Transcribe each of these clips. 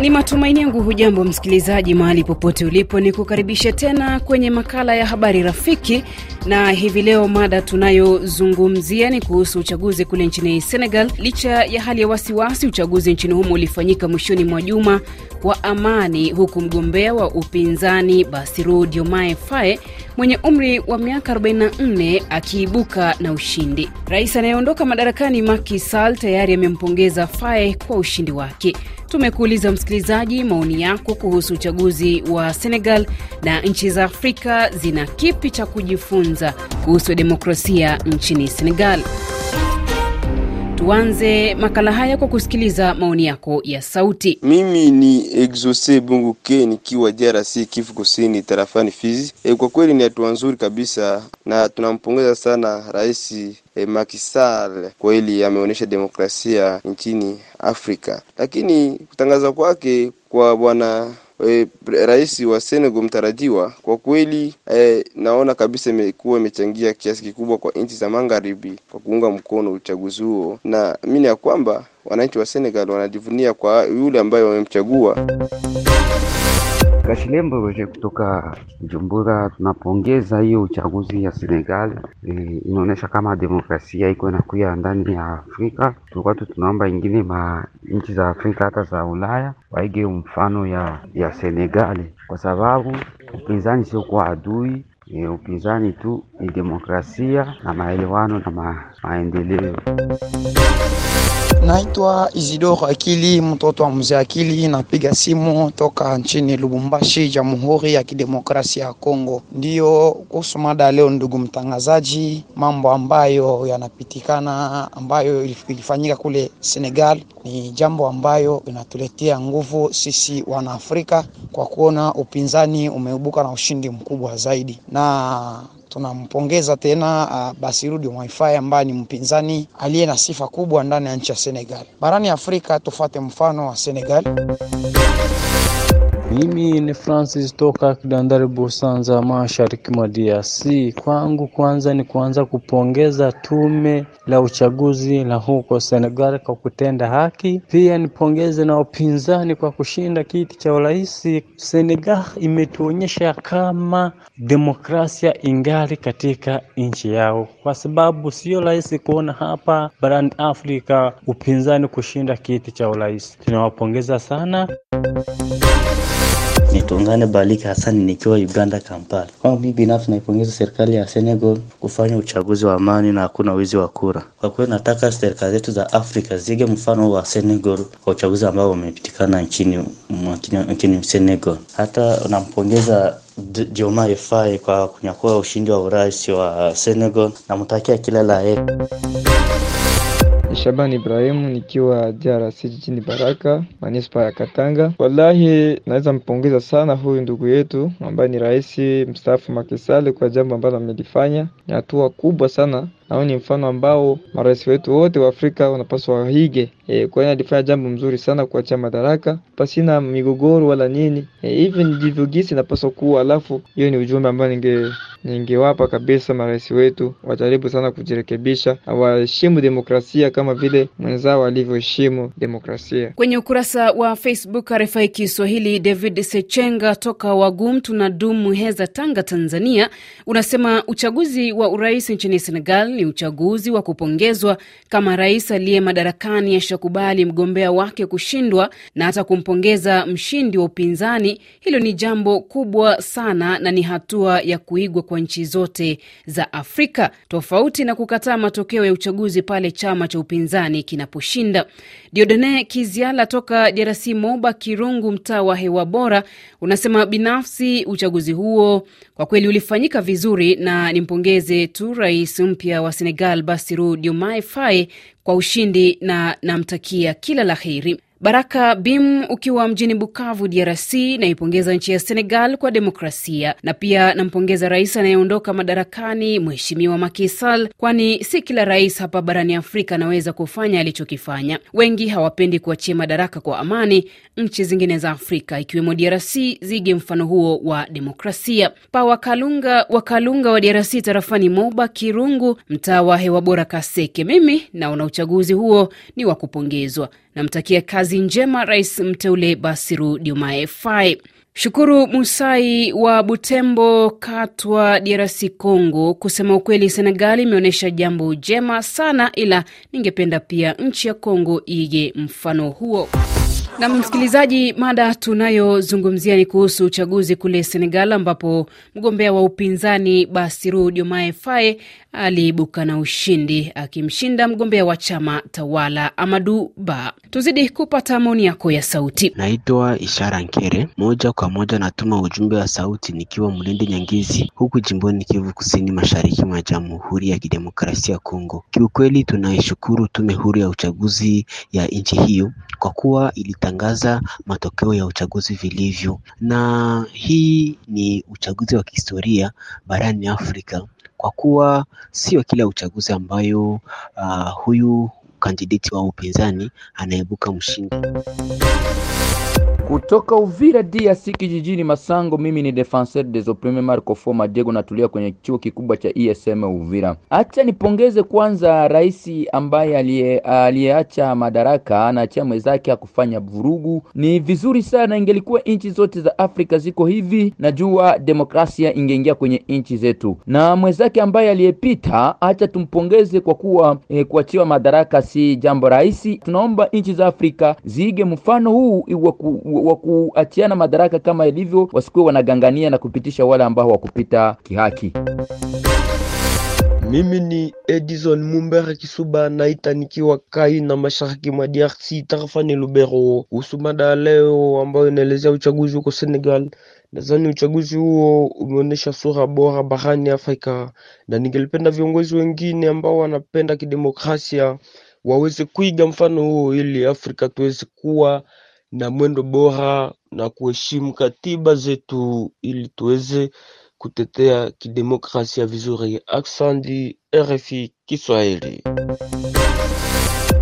Ni matumaini yangu hujambo msikilizaji, mahali popote ulipo, ni kukaribisha tena kwenye makala ya habari rafiki na hivi leo mada tunayozungumzia ni kuhusu uchaguzi kule nchini Senegal. Licha ya hali ya wasiwasi, uchaguzi nchini humo ulifanyika mwishoni mwa juma kwa amani, huku mgombea wa upinzani basiru diomae fae mwenye umri wa miaka 44 akiibuka na ushindi. Rais anayeondoka madarakani makisal tayari amempongeza fae kwa ushindi wake. Tumekuuliza msikilizaji, maoni yako kuhusu uchaguzi wa Senegal na nchi za Afrika zina kipi cha kujifunza? kwanza kuhusu demokrasia nchini Senegal. Tuanze makala haya kwa kusikiliza maoni yako ya sauti. Mimi ni Exose Bunguke nikiwa DRC Kivu Kusini tarafani Fizi. E, kwa kweli ni hatua nzuri kabisa na tunampongeza sana Rais e, Macky Sall, kweli ameonyesha demokrasia nchini Afrika, lakini kutangaza kwake kwa bwana e, rais wa Senegal mtarajiwa. Kwa kweli e, naona kabisa imekuwa imechangia kiasi kikubwa kwa nchi za magharibi kwa kuunga mkono uchaguzi huo, na mimi ya kwamba wananchi wa Senegal wanajivunia kwa yule ambaye wamemchagua. Kashilembo Roger kutoka jumbura Tunapongeza hiyo uchaguzi ya Senegal e, inaonyesha kama demokrasia iko inakuya ndani ya Afrika. Tulikuwa tu tunaomba ingine ma nchi za Afrika hata za Ulaya waige mfano ya ya Senegal, kwa sababu upinzani sio kwa adui e, upinzani tu ni demokrasia na maelewano na ma, maendeleo Naitwa Isidore Akili, mtoto wa mzee Akili. Napiga simu toka nchini Lubumbashi, Jamhuri ya Kidemokrasia ya Kongo. Ndiyo kuhusu mada leo, ndugu mtangazaji, mambo ambayo yanapitikana ambayo ilifanyika kule Senegal ni jambo ambayo inatuletea nguvu sisi Wanaafrika kwa kuona upinzani umeibuka na ushindi mkubwa zaidi na tunampongeza tena uh, ah, Bassirou Diomaye ambaye ni mpinzani aliye na sifa kubwa ndani ya nchi ya Senegal. Barani Afrika tufate mfano wa Senegal. Mimi ni Francis toka Kidandari Busanza, mashariki mwa DRC. Kwangu kwanza ni kuanza kupongeza tume la uchaguzi la huko Senegal kwa kutenda haki. Pia nipongeze na upinzani kwa kushinda kiti cha urais. Senegal imetuonyesha kama demokrasia ingali katika nchi yao, kwa sababu sio rahisi kuona hapa barani Afrika upinzani kushinda kiti cha urais. Tunawapongeza sana. Nitungane Baliki hasani nikiwa Uganda Kampala. Kwangu mimi binafsi naipongeza serikali ya Senegal kufanya uchaguzi wa amani na hakuna wizi wa kura. Kwa kweli nataka serikali zetu za Afrika zige mfano wa Senegal kwa uchaguzi ambao umepitikana nchini nchini Senegal. Hata nampongeza Diomaye Faye kwa kunyakua ushindi wa urais wa Senegal, namtakia kila la heri. Ni Shaban Ibrahimu nikiwa DRC jijini Baraka, manispa ya Katanga. Wallahi naweza mpongeza sana huyu ndugu yetu ambaye ni rais mstaafu makisali kwa jambo ambalo amelifanya, ni hatua kubwa sana na ni mfano ambao marais wetu wote wa Afrika wanapaswa waige, e, kwani alifanya jambo mzuri sana kuachia madaraka pasina migogoro wala nini. E, hivi ndivyo gisi inapaswa kuwa. Alafu hiyo ni ujumbe ambao ninge ningewapa kabisa marais wetu wajaribu sana kujirekebisha, waheshimu demokrasia kama vile mwenzao alivyoheshimu demokrasia. Kwenye ukurasa wa Facebook RFI Kiswahili, David Sechenga toka Wagum tuna dumu Heza, Tanga, Tanzania, unasema uchaguzi wa urais nchini Senegal ni uchaguzi wa kupongezwa kama rais aliye madarakani ashakubali mgombea wake kushindwa na hata kumpongeza mshindi wa upinzani. Hilo ni jambo kubwa sana na ni hatua ya kuigwa kwa nchi zote za Afrika, tofauti na kukataa matokeo ya uchaguzi pale chama cha upinzani kinaposhinda. Diodone Kiziala toka DRC, Moba Kirungu, mtaa wa hewa bora, unasema binafsi uchaguzi huo kwa kweli ulifanyika vizuri, na nimpongeze tu rais mpya wa Senegal Bassirou Diomaye Faye kwa ushindi na namtakia kila la heri. Baraka Bim ukiwa mjini Bukavu, DRC, naipongeza nchi ya Senegal kwa demokrasia na pia nampongeza rais anayeondoka madarakani Mheshimiwa Macky Sall, kwani si kila rais hapa barani Afrika anaweza kufanya alichokifanya. Wengi hawapendi kuachia madaraka kwa amani. Nchi zingine za Afrika ikiwemo DRC zige mfano huo wa demokrasia. Pa Wakalunga, Wakalunga wa DRC, tarafani Moba Kirungu, mtaa wa hewa bora Kaseke, mimi naona uchaguzi huo ni wa kupongezwa namtakia kazi njema rais mteule Basiru Diomaye fai Shukuru Musai wa Butembo, Katwa, DRC Congo, kusema ukweli, Senegali imeonyesha jambo jema sana, ila ningependa pia nchi ya Congo iige mfano huo. Na msikilizaji, mada tunayozungumzia ni kuhusu uchaguzi kule Senegal, ambapo mgombea wa upinzani basiru Diomaye Faye aliibuka na ushindi akimshinda mgombea wa chama tawala Amadu Ba. Tuzidi kupata maoni yako ya sauti. Naitwa Ishara Nkere, moja kwa moja natuma ujumbe wa sauti nikiwa Mlende Nyangizi, huku jimboni Kivu Kusini, mashariki mwa Jamhuri ya Kidemokrasia ya Kongo. Kiukweli tunaishukuru tume huru ya uchaguzi ya nchi hiyo kwa kuwa ilita kutangaza matokeo ya uchaguzi vilivyo, na hii ni uchaguzi wa kihistoria barani Afrika kwa kuwa sio kila uchaguzi ambayo uh, huyu kandideti wa upinzani anaibuka mshindi. Kutoka Uvira DRC kijijini Masango, mimi ni Defenseur des Opprimes Marco Foma Diego, natulia kwenye chuo kikubwa cha ESM Uvira. Acha nipongeze kwanza rais ambaye aliyeacha madaraka anaachia mwenzake akufanya vurugu, ni vizuri sana. Ingelikuwa nchi zote za Afrika ziko hivi, najua demokrasia ingeingia kwenye nchi zetu. Na mwenzake ambaye aliyepita, acha tumpongeze kwa kuwa eh, kuachiwa madaraka si jambo rahisi. Tunaomba nchi za Afrika ziige mfano huu iwe wa kuachiana madaraka kama ilivyo, wasikuwe wanagangania na kupitisha wale ambao wakupita kihaki. Mimi ni Edison Mumbere Kisuba naita nikiwa Kai na mashariki mwa DRC ni Lubero. Kuhusu mada ya leo ambayo inaelezea uchaguzi huko Senegal, nadhani uchaguzi huo umeonyesha sura bora barani Afrika, na ningelipenda viongozi wengine ambao wanapenda kidemokrasia waweze kuiga mfano huo, ili Afrika tuweze kuwa na mwendo bora na kuheshimu katiba zetu ili tuweze kutetea kidemokrasia vizuri. Aksandi RFI Kiswahili.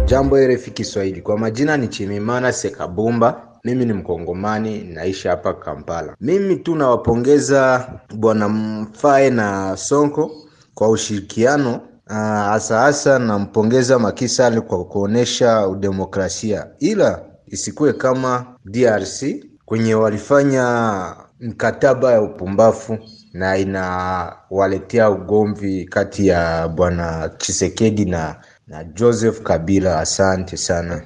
Jambo RFI Kiswahili, kwa majina ni Chimimana Sekabumba. Mimi ni Mkongomani, naishi hapa Kampala. Mimi tu nawapongeza Bwana Mfae na Sonko kwa ushirikiano ah, hasa hasa, nampongeza Makisali kwa kuonyesha udemokrasia, ila isikuwe kama DRC kwenye walifanya mkataba ya upumbafu na inawaletea ugomvi kati ya bwana Chisekedi na na Joseph Kabila. Asante sana.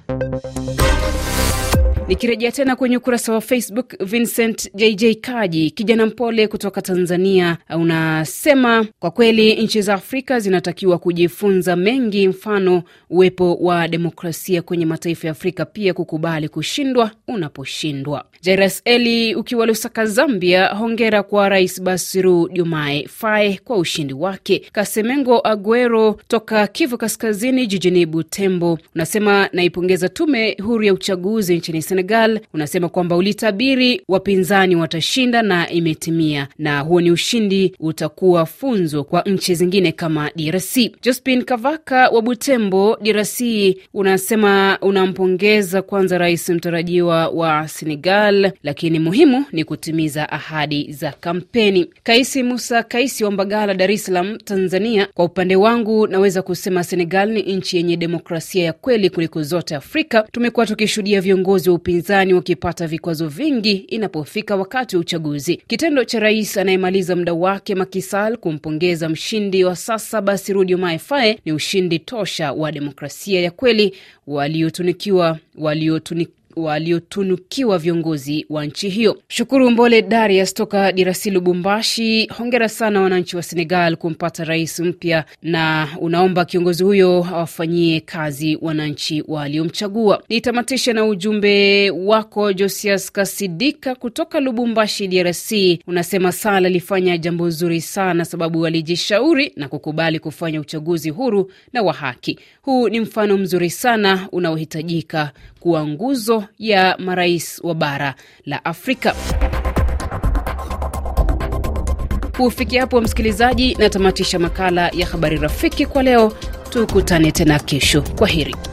Nikirejea tena kwenye ukurasa wa Facebook, Vincent JJ Kaji, kijana mpole kutoka Tanzania, unasema kwa kweli nchi za Afrika zinatakiwa kujifunza mengi, mfano uwepo wa demokrasia kwenye mataifa ya Afrika, pia kukubali kushindwa unaposhindwa. Jairas Eli ukiwa Lusaka, Zambia, hongera kwa Rais Basiru jumae fae kwa ushindi wake. Kasemengo Aguero toka Kivu Kaskazini, jijini Butembo, unasema naipongeza tume huru ya uchaguzi nchini Senegal Senegal unasema kwamba ulitabiri wapinzani watashinda na imetimia, na huo ni ushindi utakuwa funzo kwa nchi zingine kama DRC. Jospin Kavaka wa Butembo, DRC, unasema unampongeza kwanza rais mtarajiwa wa Senegal, lakini muhimu ni kutimiza ahadi za kampeni. Kaisi Musa Kaisi wa Mbagala, Dar es Salaam, Tanzania, kwa upande wangu naweza kusema Senegal ni nchi yenye demokrasia ya kweli kuliko zote Afrika. Tumekuwa tukishuhudia viongozi wa upinzani wakipata vikwazo vingi inapofika wakati wa uchaguzi. Kitendo cha rais anayemaliza muda wake Makisal kumpongeza mshindi wa sasa Basirudio Maefae ni ushindi tosha wa demokrasia ya kweli waliotunikiwa waliotunik waliotunukiwa viongozi wa nchi hiyo. Shukuru Mbole Darius toka DRC Lubumbashi, hongera sana wananchi wa Senegal kumpata rais mpya, na unaomba kiongozi huyo awafanyie kazi wananchi waliomchagua. Nitamatisha na ujumbe wako Josias Kasidika kutoka Lubumbashi, DRC. Unasema Sala alifanya jambo zuri sana, sababu alijishauri na kukubali kufanya uchaguzi huru na wa haki. Huu ni mfano mzuri sana unaohitajika kuwa nguzo ya marais wa bara la Afrika. Kufikia hapo, msikilizaji, natamatisha makala ya habari rafiki kwa leo. Tukutane tena kesho. Kwa heri.